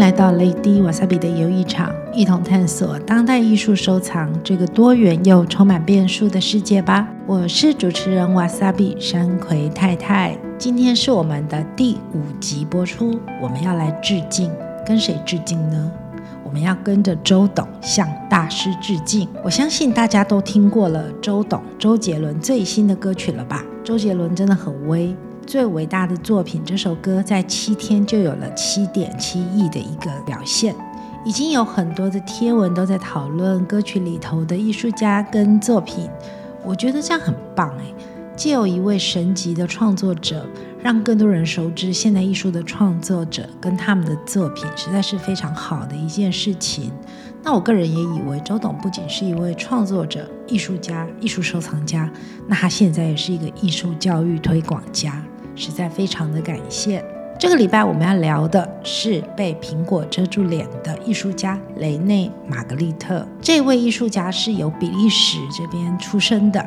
來到 Lady Wasabi 的遊藝場，一同探索當代藝術收藏這個多元又充滿變數的世界吧。我是主持人 Wasabi，山葵太太，今天是我們的第五集播出，我們要來致敬，跟誰致敬呢？我們要跟着周董向大師致敬。我相信大家都聽過了周董、周杰倫最新的歌曲了吧？周杰倫真的很威。最偉大的作品，這首歌在七天就有了七點七億的一個表現，已經有很多的貼文都在討論歌曲裡頭的藝術家跟作品。我覺得這樣很棒哎，藉由一位神級的創作者，讓更多人熟知現代藝術的創作者跟他們的作品，實在是非常好的一件事情。那我個人也以為，周董不僅是一位創作者、藝術家、藝術收藏家，那他現在也是一個藝術教育推廣家。實在非常的感謝。這個禮拜我們要聊的是被蘋果遮住臉的藝術家雷內·瑪格麗特。這位藝術家是由比利時這邊出生的，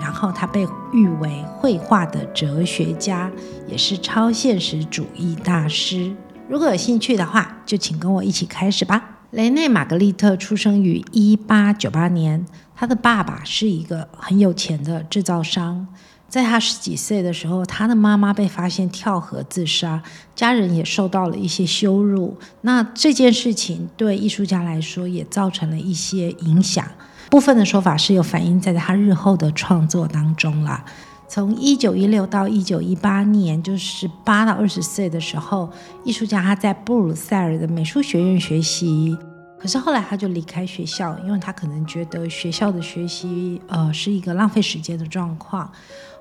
然後他被譽為繪畫的哲學家，也是超現實主義大師。如果有興趣的話，就請跟我一起開始吧。雷內·瑪格麗特出生於一八九八年，他的爸爸是一個很有錢的制造商。在他十幾歲的時候，他的媽媽被發現跳河自殺，家人也受到了一些羞辱。那這件事情對藝術家來說也造成了一些影響，部分的說法是有反映在他日後的創作當中了。從一九一六到一九一八年，就是八到二十歲的時候，藝術家他在布魯塞爾的美術學院學習，可是後來他就離開學校，因為他可能覺得學校的學習呃是一個浪費時間的狀況。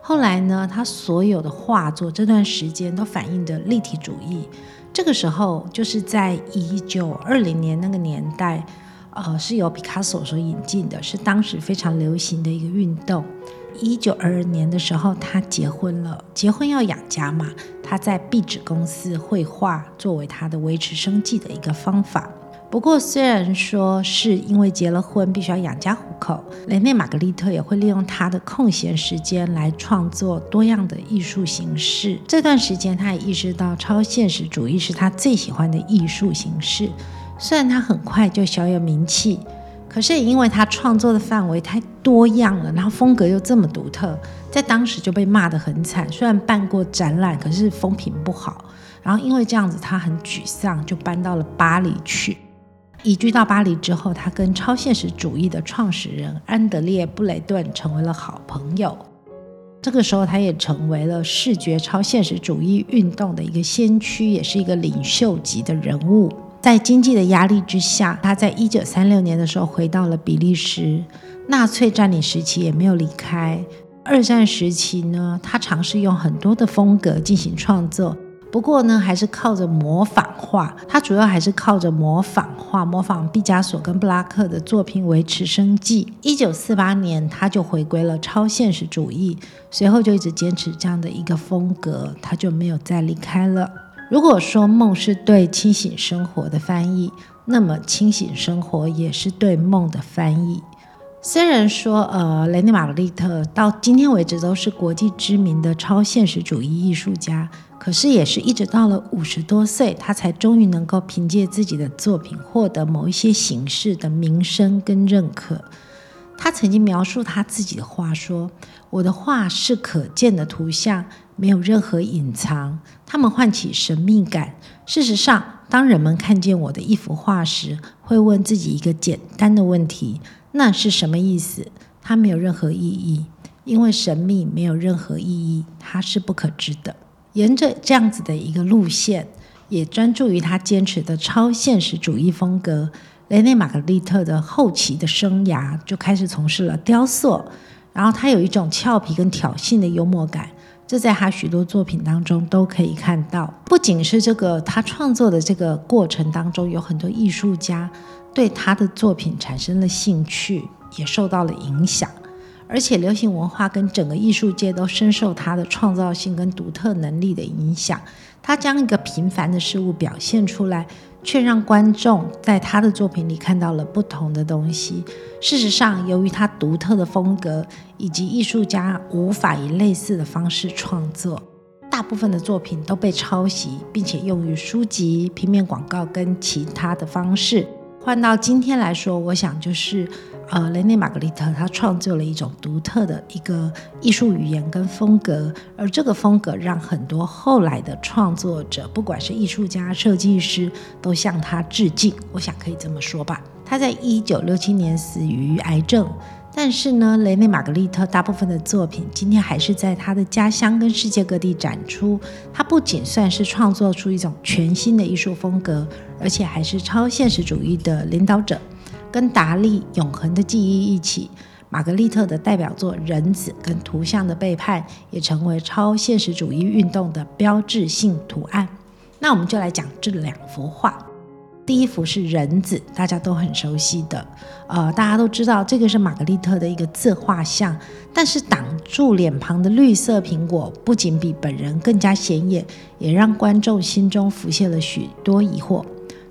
後來呢，他所有的畫作這段時間都反映的立體主義。這個時候就是在一九二零年那個年代，呃，是由畢卡索所引進的，是當時非常流行的一個運動。一九二二年的時候，他結婚了，結婚要養家嘛，他在壁紙公司繪畫作為他的維持生計的一個方法。不過，雖然說是因為結了婚，必須要養家糊口，雷內·馬格利特也會利用他的空閒時間來創作多樣的藝術形式。這段時間，他也意識到超現實主義是他最喜歡的藝術形式。雖然他很快就小有名氣，可是也因為他創作的範圍太多樣了，然後風格又這麼獨特，在當時就被罵得很慘。雖然辦過展覽，可是風評不好。然後因為這樣子，他很沮喪，就搬到了巴黎去。移居到巴黎之後，他跟超現實主義的創始人安德烈·布雷頓成為了好朋友。這個時候，他也成為了視覺超現實主義運動的一個先驅，也是一個領袖級的人物。在經濟的壓力之下，他在一九三六年的時候回到了比利時。納粹佔領時期也沒有離開。二戰時期呢，他嘗試用很多的風格進行創作。不過呢，還是靠着模仿畫，他主要還是靠着模仿畫，模仿畢加索跟布拉克的作品維持生計。一九四八年，他就回歸了超現實主義，隨後就一直堅持這樣的一個風格，他就沒有再離開了。如果說夢是對清醒生活的翻譯，那麼清醒生活也是對夢的翻譯。雖然說，呃，雷內·馬格利特到今天為止都是國際知名的超現實主義藝術家。可是也是一直到了五十多歲，他才終於能夠憑借自己的作品獲得某一些形式的名聲跟認可。他曾經描述他自己的畫說：“我的畫是可見的圖像，沒有任何隱藏，它們喚起神秘感。事實上，當人們看見我的一幅畫時，會問自己一個簡單的問題：那是什麼意思？它沒有任何意義，因為神秘沒有任何意義，它是不可知的。”沿着這樣子的一個路線，也專注於他堅持的超現實主義風格。雷內·馬格麗特的後期的生涯，就開始從事了雕塑，然後他有一種俏皮跟挑釁的幽默感，這在他許多作品當中都可以看到。不僅是這個，他創作的這個過程當中，有很多藝術家對他的作品產生了興趣，也受到了影響。而且流行文化跟整個藝術界都深受他的創造性跟獨特能力的影響。他將一個平凡的事物表現出來，卻讓觀眾在他的作品裡看到了不同的東西。事實上，由於他獨特的風格以及藝術家無法以類似的方式創作，大部分的作品都被抄襲，並且用於書籍、平面廣告跟其他的方式。換到今天來說，我想就是。呃，雷內·瑪格麗特她創作了一種獨特的一個藝術語言跟風格，而這個風格讓很多後來的創作者，不管是藝術家、設計師，都向他致敬。我想可以這麼說吧。他在一九六七年死於癌症，但是呢，雷內·瑪格麗特大部分的作品今天還是在他的家鄉跟世界各地展出。他不僅算是創作出一種全新的藝術風格，而且還是超現實主義的領導者。跟達利《永恆的記憶》一起，馬格利特的代表作《人子》跟《圖像的背叛》也成為超現實主義運動的標誌性圖案。那我們就來講這兩幅畫。第一幅是《人子》，大家都很熟悉的。呃，大家都知道這個是馬格利特的一個自畫像，但是擋住臉龐的綠色蘋果不僅比本人更加顯眼，也讓觀眾心中浮現了許多疑惑。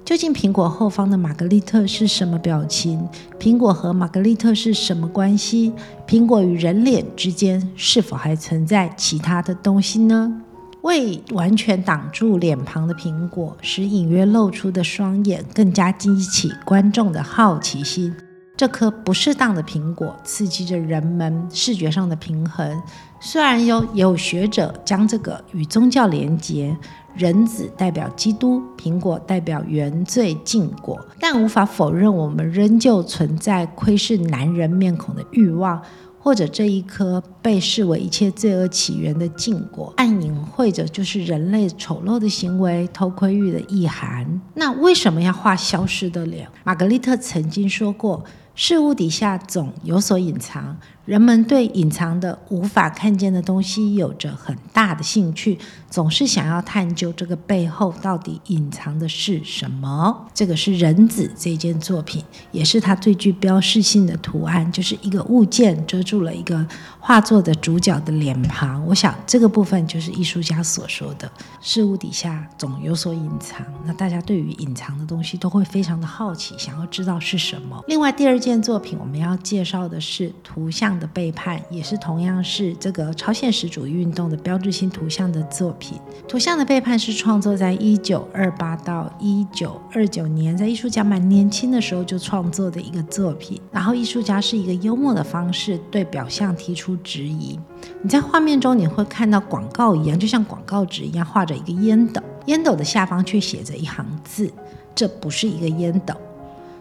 究竟蘋果後方的馬格利特是什麼表情？蘋果和馬格利特是什麼關係？蘋果與人臉之間是否還存在其他的東西呢？未完全擋住臉龐的蘋果，使隱約露出的雙眼更加激起觀眾的好奇心。這顆不適當的蘋果刺激着人們視覺上的平衡。雖然有有學者將這個與宗教連結，人子代表基督，蘋果代表原罪禁果，但無法否認我們仍舊存在窺視男人面孔的欲望，或者這一顆被視為一切罪惡起源的禁果，暗影或者就是人類醜陋的行為偷窺慾的意涵。那為什麼要畫消失的臉？馬格利特曾經說過。事物底下總有所隱藏。人們對隱藏的、無法看見的東西有着很大的興趣，總是想要探究這個背後到底隱藏的是什麼。這個是《人子》這件作品，也是它最具標識性的圖案，就是一個物件遮住了一個畫作的主角的臉龐。我想這個部分就是藝術家所說的事物底下總有所隱藏。那大家對於隱藏的東西都會非常的好奇，想要知道是什麼。另外，第二件作品我們要介紹的是圖像。的背叛也是同樣是這個超現實主義運動的標誌性圖像的作品。圖像的背叛是創作在一九二八到一九二九年，在藝術家蠻年輕的時候就創作的一個作品。然後藝術家是一個幽默的方式對表象提出質疑。你在畫面中你會看到廣告一樣，就像廣告紙一樣畫着一個菸斗，菸斗的下方卻寫着一行字：這不是一個菸斗。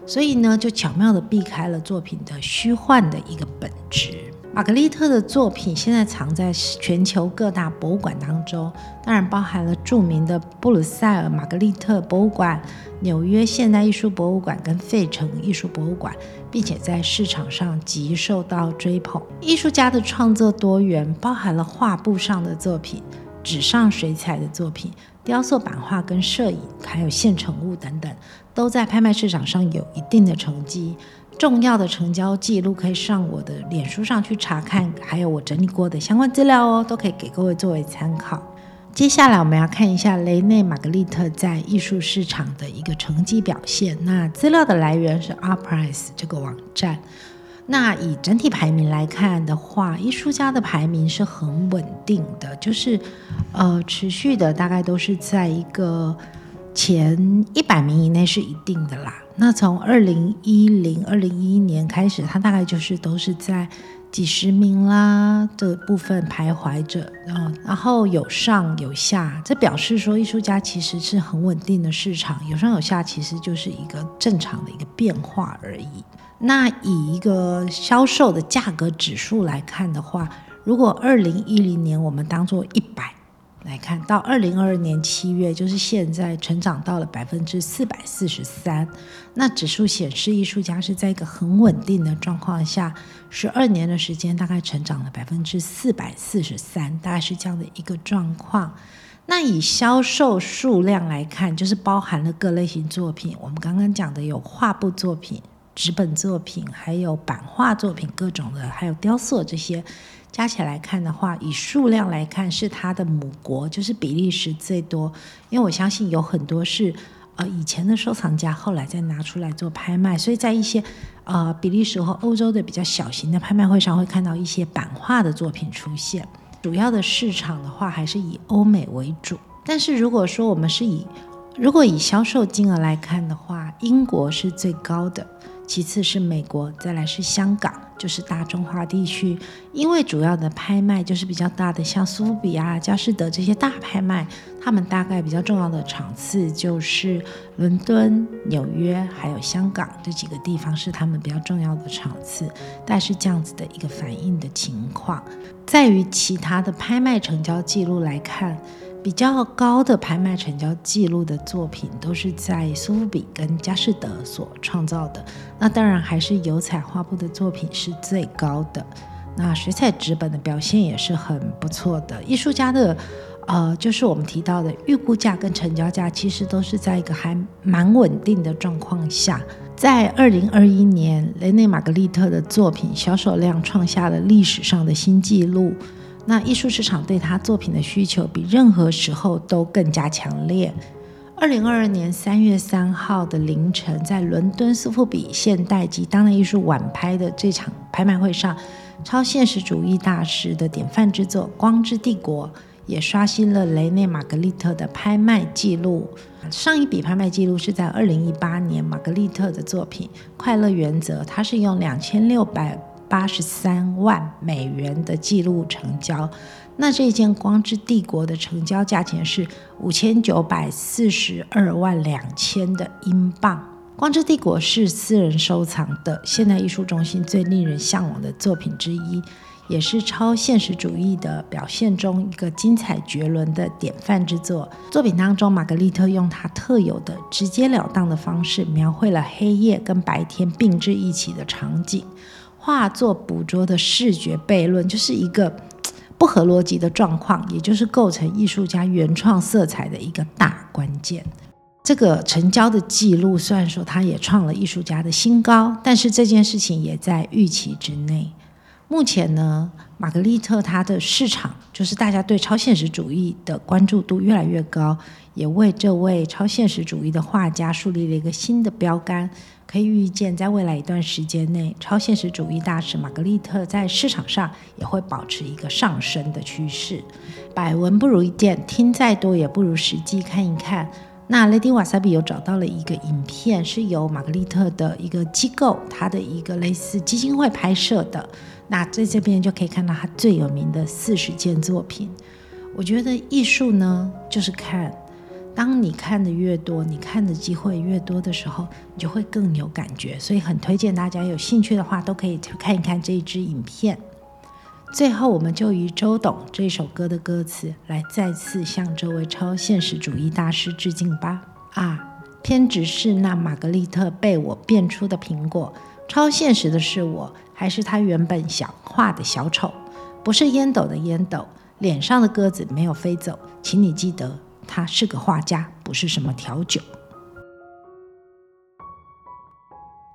所以呢，就巧妙地避開了作品的虛幻的一個本質。瑪格麗特的作品現在藏在全球各大博物館當中，當然包含了著名的布魯塞爾瑪格麗特博物館、紐約現代藝術博物館跟費城藝術博物館，並且在市場上極受到追捧。藝術家的創作多元，包含了畫布上的作品、紙上水彩的作品、雕塑、版畫跟攝影，還有現成物等等。都在拍賣市場上有一定的成績，重要的成交記錄可以上我的臉書上去查看，還有我整理過的相關資料哦，都可以給各位作為參考。接下來我們要看一下雷內馬格利特在藝術市場的一個成績表現。那資料的來源是 Artprice 這個網站。那以整體排名來看的話，藝術家的排名是很穩定的，就是呃持續的大概都是在一個。前一百名以內是一定的啦。那從二零一零、二零一一年開始，它大概就是都是在幾十名啦的、這個、部分徘徊着，哦、然後、然後有上有下。這表示說，藝術家其實是很穩定的市場，有上有下其實就是一個正常的一個變化而已。那以一個銷售的價格指數來看的話，如果二零一零年我們當做一百。來看到二零二二年七月，就是現在成長到了百分之四百四十三。那指數顯示，藝術家是在一個很穩定的狀況下，十二年的時間大概成長了百分之四百四十三，大概是這樣的一個狀況。那以銷售數量來看，就是包含了各類型作品。我們剛剛講的有畫布作品、紙本作品，還有版畫作品各種的，還有雕塑這些。加起來看的話，以數量來看是它的母國，就是比利時最多。因為我相信有很多是，呃，以前的收藏家後來再拿出來做拍賣，所以在一些，呃，比利時和歐洲的比較小型的拍賣會上會看到一些版畫的作品出現。主要的市場的話還是以歐美為主。但是如果說我們是以，如果以銷售金額來看的話，英國是最高的。其次是美國，再來是香港，就是大中華地區。因為主要的拍賣就是比較大的，像蘇富比啊、佳士得這些大拍賣，他們大概比較重要的場次就是倫敦、紐約還有香港這幾個地方是他們比較重要的場次。但是這樣子的一個反應的情況，在於其他的拍賣成交記錄來看。比較高的拍賣成交記錄的作品都是在蘇富比跟佳士得所創造的。那當然還是油彩畫布的作品是最高的。那水彩紙本的表現也是很不錯的。藝術家的，呃，就是我們提到的預估價跟成交價，其實都是在一個還蠻穩定的狀況下。在二零二一年，雷內·瑪格麗特的作品銷售量創下了歷史上的新紀錄。那藝術市場對他作品的需求比任何時候都更加強烈。二零二二年三月三號的凌晨，在倫敦蘇富比現代及當代藝術晚拍的這場拍賣會上，超現實主義大師的典範之作《光之帝國》也刷新了雷內·瑪格麗特的拍賣記錄。上一筆拍賣記錄是在二零一八年，瑪格麗特的作品《快樂原則》，它是用兩千六百。八十三萬美元的記錄成交，那這件《光之帝國》的成交價錢是五千九百四十二萬兩千的英鎊。《光之帝國》是私人收藏的現代藝術中心最令人向往的作品之一，也是超現實主義的表現中一個精彩絕倫的典範之作。作品當中，馬格利特用他特有的直截了當的方式，描繪了黑夜跟白天並置一起的場景。畫作捕捉的視覺悖論就是一個不合邏輯的狀況，也就是構成藝術家原創色彩的一個大關鍵。這個成交的記錄雖然說它也創了藝術家的新高，但是這件事情也在預期之內。目前呢，馬格利特它的市場就是大家對超現實主義的關注度越來越高。也為這位超現實主義的畫家樹立了一個新的標杆。可以預見，在未來一段時間內，超現實主義大師馬格利特在市場上也會保持一個上升的趨勢。百聞不如一見，聽再多也不如實際看一看。那 Lady Wasabi，又找到了一個影片，是由馬格利特的一個機構，他的一個類似基金會拍攝的。那在這邊就可以看到他最有名的四十件作品。我覺得藝術呢，就是看。當你看的越多，你看的機會越多的時候，你就會更有感覺。所以很推薦大家有興趣的話，都可以去看一看這一支影片。最後，我們就以周董這首歌的歌詞來再次向這位超現實主義大師致敬吧。啊，偏執是那瑪格麗特被我變出的蘋果，超現實的是我，還是他原本想畫的小丑？不是煙斗的煙斗，臉上的鴿子沒有飛走，請你記得。他是個畫家，不是什麼調酒。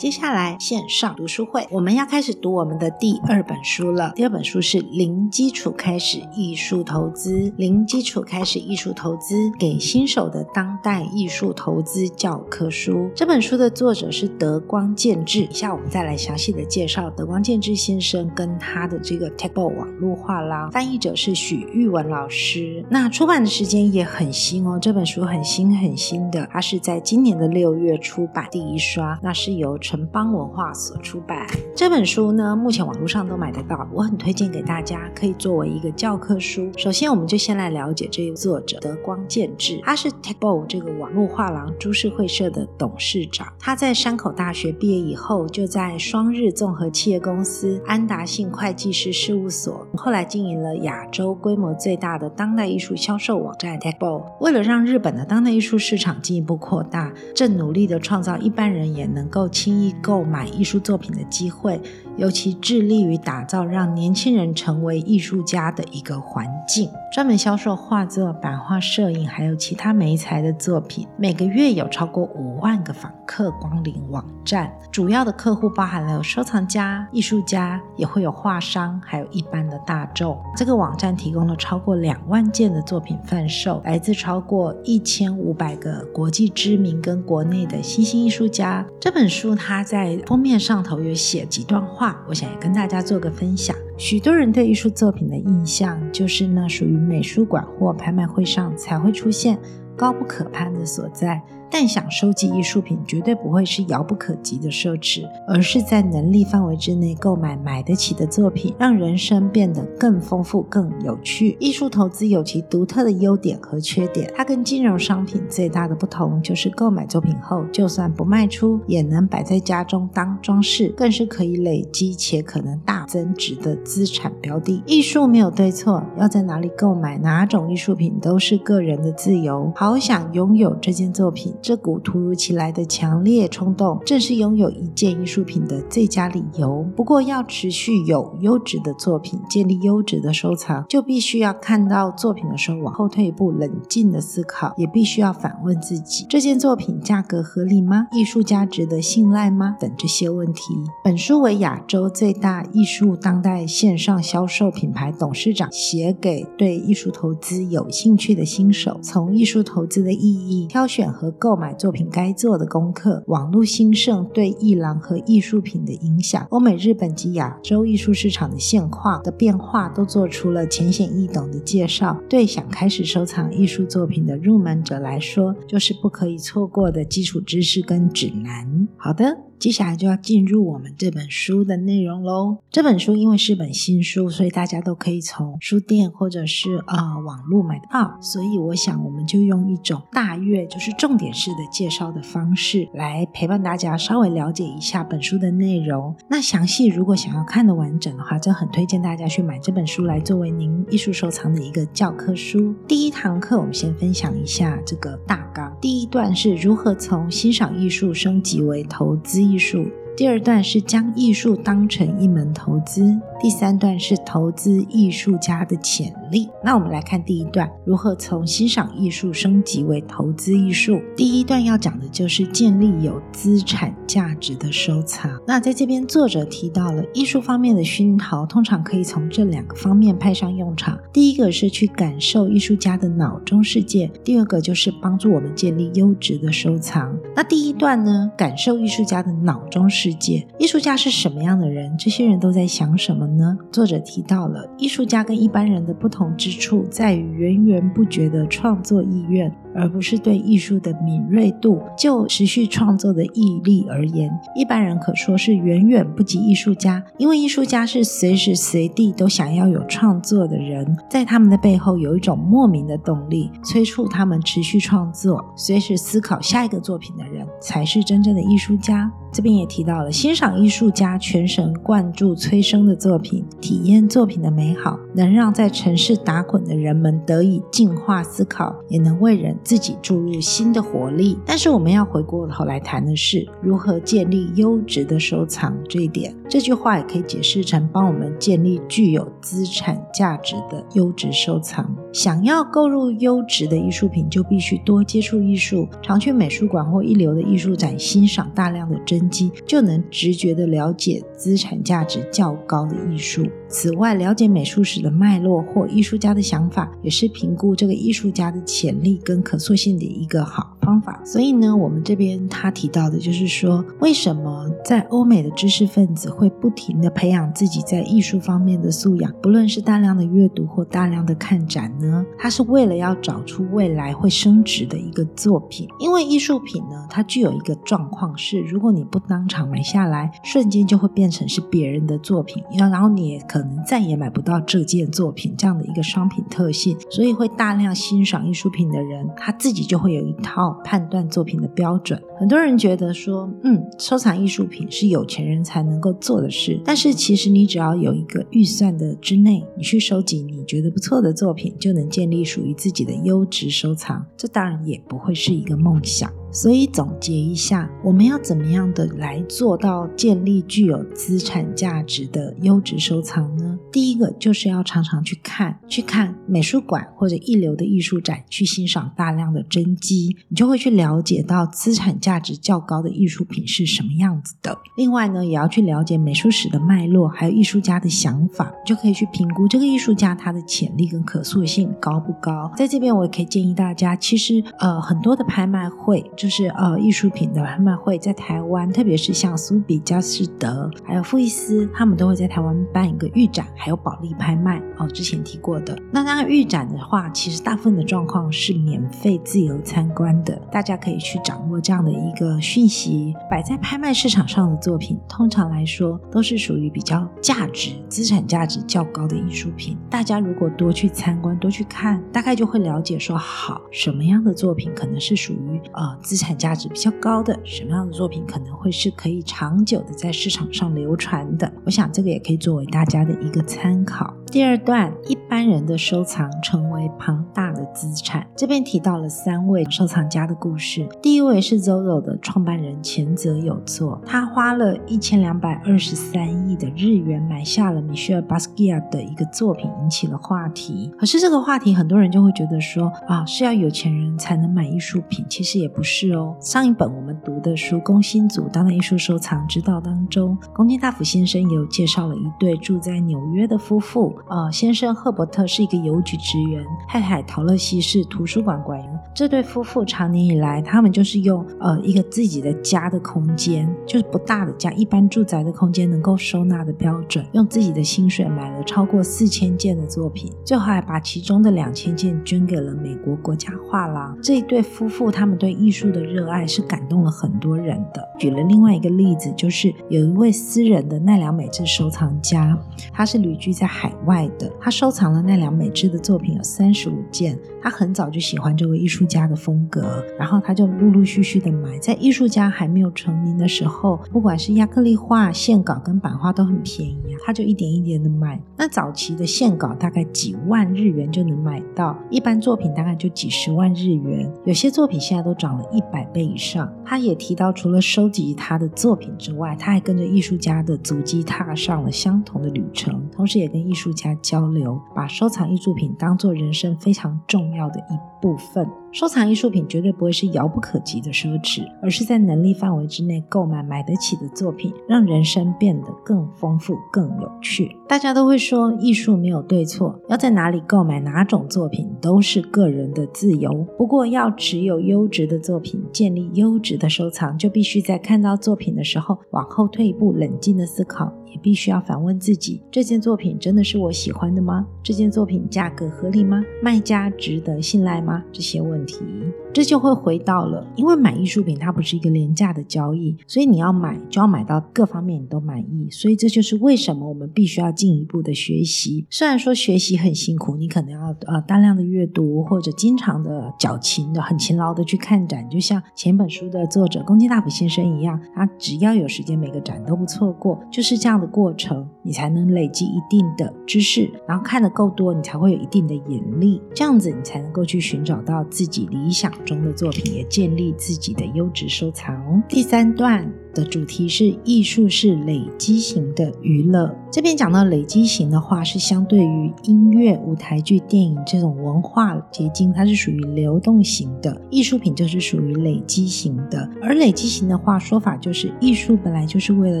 接下來線上讀書會，我們要開始讀我們的第二本書了。第二本書是《零基礎開始藝術投資》，《零基礎開始藝術投資》給新手的當代藝術投資教科書。這本書的作者是德光健治，以下我們再來詳細的介紹德光健治先生跟他的這個 TAGBOAT 網絡畫廊。翻譯者是許玉文老師，那出版的時間也很新哦，這本書很新很新的，它是在今年的六月出版第一刷，那是由。城邦文化所出版這本書呢，目前網絡上都買得到，我很推薦給大家，可以作為一個教科書。首先，我們就先來了解這一作者德光健治，他是 Tagboat 這個網絡畫廊株式會社的董事長。他在山口大學畢業以後，就在雙日綜合企業公司安達信會計師事務所，後來經營了亞洲規模最大的當代藝術銷售網站 Tagboat。為了讓日本的當代藝術市場進一步擴大，正努力的創造一般人也能夠輕易易購買藝術作品的機會，尤其致力於打造讓年輕人成為藝術家的一個環境。專門銷售畫作、版畫、攝影，還有其他媒材的作品。每個月有超過五萬個訪客光臨網站。主要的客戶包含了收藏家、藝術家，也會有畫商，還有一般的大眾。這個網站提供了超過兩萬件的作品販售，來自超過一千五百個國際知名跟國內的新興藝術家。這本書它在封面上頭有寫幾段話，我想要跟大家做個分享。許多人對藝術作品的印象，就是那屬於美術館或拍賣會上才會出現、高不可攀的所在。但想收集藝術品，絕對不會是遙不可及的奢侈，而是在能力範圍之內購買買得起的作品，讓人生變得更豐富、更有趣。藝術投資有其獨特的優點和缺點，它跟金融商品最大的不同就是，購買作品後就算不賣出，也能擺在家中當裝飾，更是可以累積且可能大增值的資產標的。藝術沒有對錯，要在哪裡購買哪種藝術品都是個人的自由。好想擁有這件作品。這股突如其來的強烈衝動，正是擁有一件藝術品的最佳理由。不過，要持續有優質的作品，建立優質的收藏，就必須要看到作品的時候往後退一步，冷靜的思考，也必須要反問自己：這件作品價格合理嗎？藝術家值得信賴嗎？等這些問題。本書為亞洲最大藝術當代線上銷售品牌董事長寫給對藝術投資有興趣的新手，從藝術投資的意義、挑選和購。購買作品該做的功課，網絡興盛對藝廊和藝術品的影響，歐美、日本及亞洲藝術市場的現況的變化，都做出了淺顯易懂的介紹。對想開始收藏藝術作品的入門者來說，就是不可以錯過的基礎知識跟指南。好的。接下來就要進入我們這本書的內容嘍。這本書因為是本新書，所以大家都可以從書店或者是呃網絡買到啊。所以我想我們就用一種大約就是重點式的介紹的方式來陪伴大家稍微了解一下本書的內容。那詳細如果想要看得完整的話，就很推薦大家去買這本書來作為您藝術收藏的一個教科書。第一堂課我們先分享一下這個大綱。第一段是如何從欣賞藝術升級為投資。藝術。第二段是將藝術當成一門投資。第三段是投資藝術家的潛力。那我們來看第一段，如何從欣賞藝術升級為投資藝術。第一段要講的就是建立有資產價值的收藏。那在這邊，作者提到了藝術方面的熏陶，通常可以從這兩個方面派上用場。第一個是去感受藝術家的腦中世界，第二個就是幫助我們建立優質的收藏。那第一段呢？感受藝術家的腦中世界，藝術家是什麼樣的人？這些人都在想什麼？呢？作者提到了藝術家跟一般人的不同之處在於源源不絕的創作意願。而不是對藝術的敏銳度，就持續創作的毅力而言，一般人可說是遠遠不及藝術家。因為藝術家是隨時隨地都想要有創作的人，在他們的背後有一種莫名的動力催促他們持續創作，隨時思考下一個作品的人才是真正的藝術家。這邊也提到了，欣賞藝術家全神貫注催生的作品，體驗作品的美好，能讓在城市打滾的人們得以進化思考，也能為人。自己注入新的活力，但是我們要回過頭來談的是如何建立優質的收藏這一點。這句話也可以解釋成幫我們建立具有資產價值的優質收藏。想要購入優質的藝術品，就必須多接觸藝術，常去美術館或一流的藝術展欣賞大量的真跡，就能直覺地了解資產價值較高的藝術。此外，了解美術史的脈絡或藝術家的想法，也是評估這個藝術家的潛力跟可塑性的一個好方法，所以呢，我們這邊他提到的就是說，為什麼在歐美的知識分子會不停的培養自己在藝術方面的素養，不論是大量的閱讀或大量的看展呢？他是為了要找出未來會升值的一個作品，因為藝術品呢，它具有一個狀況是，如果你不當場買下來，瞬間就會變成是別人的作品，然後你也可能再也買不到這件作品這樣的一個商品特性，所以會大量欣賞藝術品的人，他自己就會有一套判斷作品的標準，很多人覺得說，嗯，收藏藝術品是有錢人才能夠做的事。但是其實，你只要有一個預算的之內，你去收集你覺得不錯的作品，就能建立屬於自己的優質收藏。這當然也不會是一個夢想。所以總結一下，我們要怎麼樣的來做到建立具有資產價值的優質收藏呢？第一個就是要常常去看，去看美術館或者一流的藝術展，去欣賞大量的真跡，你就會去了解到資產價值較高的藝術品是什麼樣子的。另外呢，也要去了解美術史的脈絡，還有藝術家的想法，就可以去評估這個藝術家他的潛力跟可塑性高不高。在這邊我也可以建議大家，其實呃很多的拍賣會。就是呃藝術品的拍賣會在台灣，特別是像蘇比、佳士得，還有富藝斯，他們都會在台灣辦一個預展，還有保利拍賣哦，之前提過的。那那個預展的話，其實大部分的狀況是免費自由參觀的，大家可以去掌握這樣的一個訊息。擺在拍賣市場上的作品，通常來說都是屬於比較價值、資產價值較高的藝術品。大家如果多去參觀、多去看，大概就會了解說，好什麼樣的作品可能是屬於呃。資產價值比較高的什麼樣的作品可能會是可以長久的在市場上流傳的？我想這個也可以作為大家的一個參考。第二段般人的收藏成為龐大的資產。這邊提到了三位收藏家的故事。第一位是 Zozo 的創辦人前澤友作，他花了一千兩百二十三億的日元買下了米歇爾巴斯蒂亞的一個作品，引起了話題。可是這個話題，很多人就會覺得說啊，是要有錢人才能買藝術品，其實也不是哦。上一本我們讀的書《工薪族當代藝術收藏之道》當中，宮津大輔先生也有介紹了一對住在紐約的夫婦，呃，先生赫。伯特是一個郵局職員，泰海陶樂西是圖書館館員。這對夫婦長年以來，他們就是用呃一個自己的家的空間，就是不大的家，一般住宅的空間能夠收納的標準，用自己的薪水買了超過四千件的作品，最後還把其中的兩千件捐給了美國國家畫廊。這一對夫婦他們對藝術的熱愛是感動了很多人的。舉了另外一個例子，就是有一位私人的奈良美智收藏家，他是旅居在海外的，他收藏。那奈良美智的作品有三十五件，他很早就喜歡這位藝術家的風格，然後他就陸陸續續的買，在藝術家還沒有成名的時候，不管是亞克力畫、線稿跟版畫都很便宜，他就一點一點的買。那早期的線稿大概幾萬日元就能買到，一般作品大概就幾十萬日元，有些作品現在都漲了一百倍以上。他也提到，除了收集他的作品之外，他還跟着藝術家的足跡踏上了相同的旅程，同時也跟藝術家交流。把收藏藝術品當做人生非常重要的一部分。收藏藝術品絕對不會是遙不可及的奢侈，而是在能力範圍之內購買買得起的作品，讓人生變得更豐富、更有趣。大家都會說藝術沒有對錯，要在哪裡購買哪種作品都是個人的自由。不過，要持有優質的作品，建立優質的收藏，就必須在看到作品的時候往後退一步，冷靜的思考。也必須要反問自己，這件作品真的是我喜歡的嗎？這件作品價格合理嗎？賣家值得信賴嗎？這些問題。這就會回到了，因為買藝術品它不是一個廉價的交易，所以你要買就要買到各方面你都滿意。所以這就是為什麼我們必須要進一步的學習。雖然說學習很辛苦，你可能要呃大量的閱讀或者經常的矯情的很勤勞的去看展，就像前本書的作者宮津大輔先生一樣，他只要有時間每個展都不錯過，就是這樣的過程，你才能累積一定的知識，然後看得夠多，你才會有一定的眼力，這樣子你才能夠去尋找到自己理想。中的作品，也建立自己的優質收藏哦。第三段。的主題是藝術是累積型的娛樂。這邊講到累積型的話，是相對於音樂、舞台劇、電影這種文化結晶，它是屬於流動型的。藝術品就是屬於累積型的。而累積型的話，說法就是藝術本來就是為了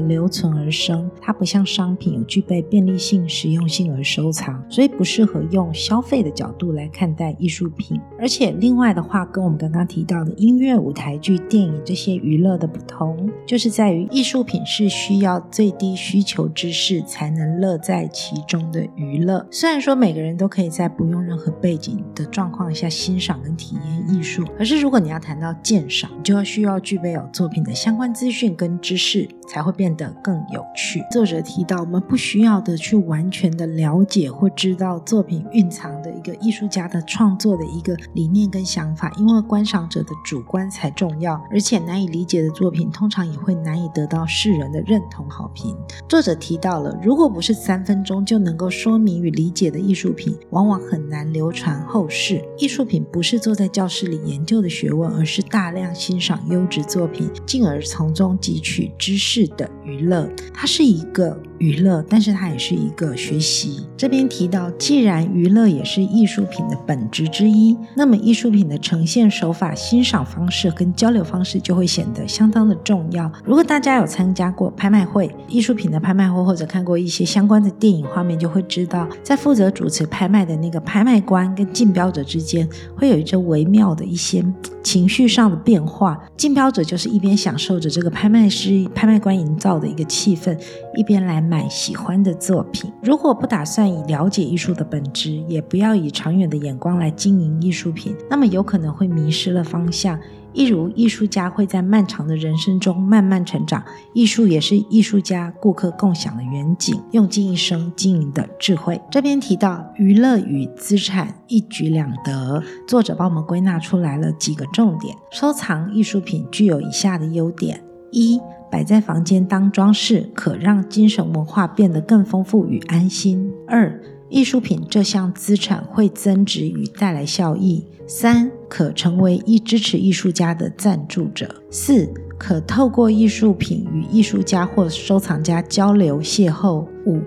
留存而生，它不像商品有具備便利性、實用性而收藏，所以不適合用消費的角度來看待藝術品。而且另外的話，跟我們剛剛提到的音樂、舞台劇、電影這些娛樂的不同，就。是在於藝術品是需要最低需求知識才能樂在其中的娛樂。雖然說每個人都可以在不用任何背景的狀況下欣賞跟體驗藝術，可是如果你要談到鑑賞，就要需要具備有作品的相關資訊跟知識，才會變得更有趣。作者提到，我們不需要的去完全的了解或知道作品蘊藏的一個藝術家的創作的一個理念跟想法，因為觀賞者的主觀才重要，而且難以理解的作品，通常也會。會難以得到世人的認同好評。作者提到了，如果不是三分鐘就能夠說明與理解的藝術品，往往很難流傳後世。藝術品不是坐在教室裡研究的學問，而是大量欣賞優質作品，進而從中汲取知識的娛樂。它是一個娛樂，但是它也是一個學習。這邊提到，既然娛樂也是藝術品的本質之一，那麼藝術品的呈現手法、欣賞方式跟交流方式就會顯得相當的重要。如果大家有參加過拍賣會、藝術品的拍賣會，或者看過一些相關的電影畫面，就會知道，在負責主持拍賣的那個拍賣官跟競標者之間，會有一種微妙的一些情緒上的變化。競標者就是一邊享受着這個拍賣師、拍賣官營造的一個氣氛，一邊來買喜歡的作品。如果不打算以了解藝術的本質，也不要以長遠的眼光來經營藝術品，那麼有可能會迷失了方向。一如藝術家會在漫長的人生中慢慢成長，藝術也是藝術家、顧客共享的遠景，用盡一生經營的智慧。這邊提到娛樂與資產一舉兩得，作者幫我們歸納出來了幾個重點：收藏藝術品具有以下的優點：一、擺在房間當裝飾，可讓精神文化變得更豐富與安心；二、藝術品這項資產會增值與帶來效益；三、可成為一支持藝術家的贊助者。四，可透過藝術品與藝術家或收藏家交流邂逅。五。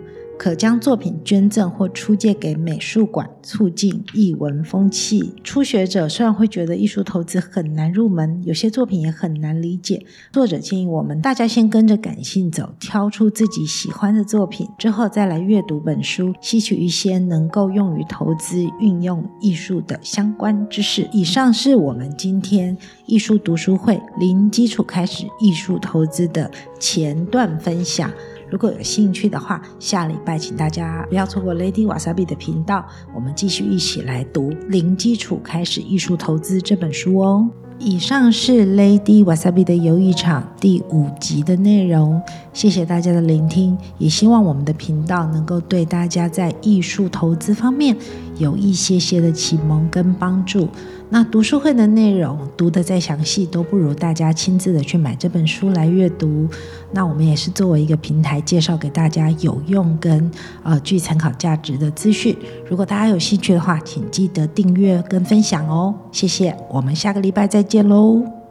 可將作品捐贈或出借給美術館，促進藝文風氣。初學者雖然會覺得藝術投資很難入門，有些作品也很難理解。作者建議我們大家先跟着感性走，挑出自己喜歡的作品，之後再來閱讀本書，吸取一些能夠用於投資運用藝術的相關知識。以上是我們今天藝術讀書會，零基礎開始藝術投資的前段分享。如果有興趣的話，下禮拜請大家不要錯過 Lady Wasabi 的頻道，我們繼續一起來讀《零基礎開始藝術投資》這本書哦。以上是 Lady Wasabi 的遊藝場第五集的內容，謝謝大家的聆聽，也希望我們的頻道能夠對大家在藝術投資方面有一些些的啟蒙跟幫助。那讀書會的內容讀得再詳細都不如大家親自的去買這本書來閱讀。那我們也是作為一個平台，介紹給大家有用跟呃具參考價值的資訊。如果大家有興趣的話，請記得訂閱跟分享哦。謝謝，我們下個禮拜再見嘍。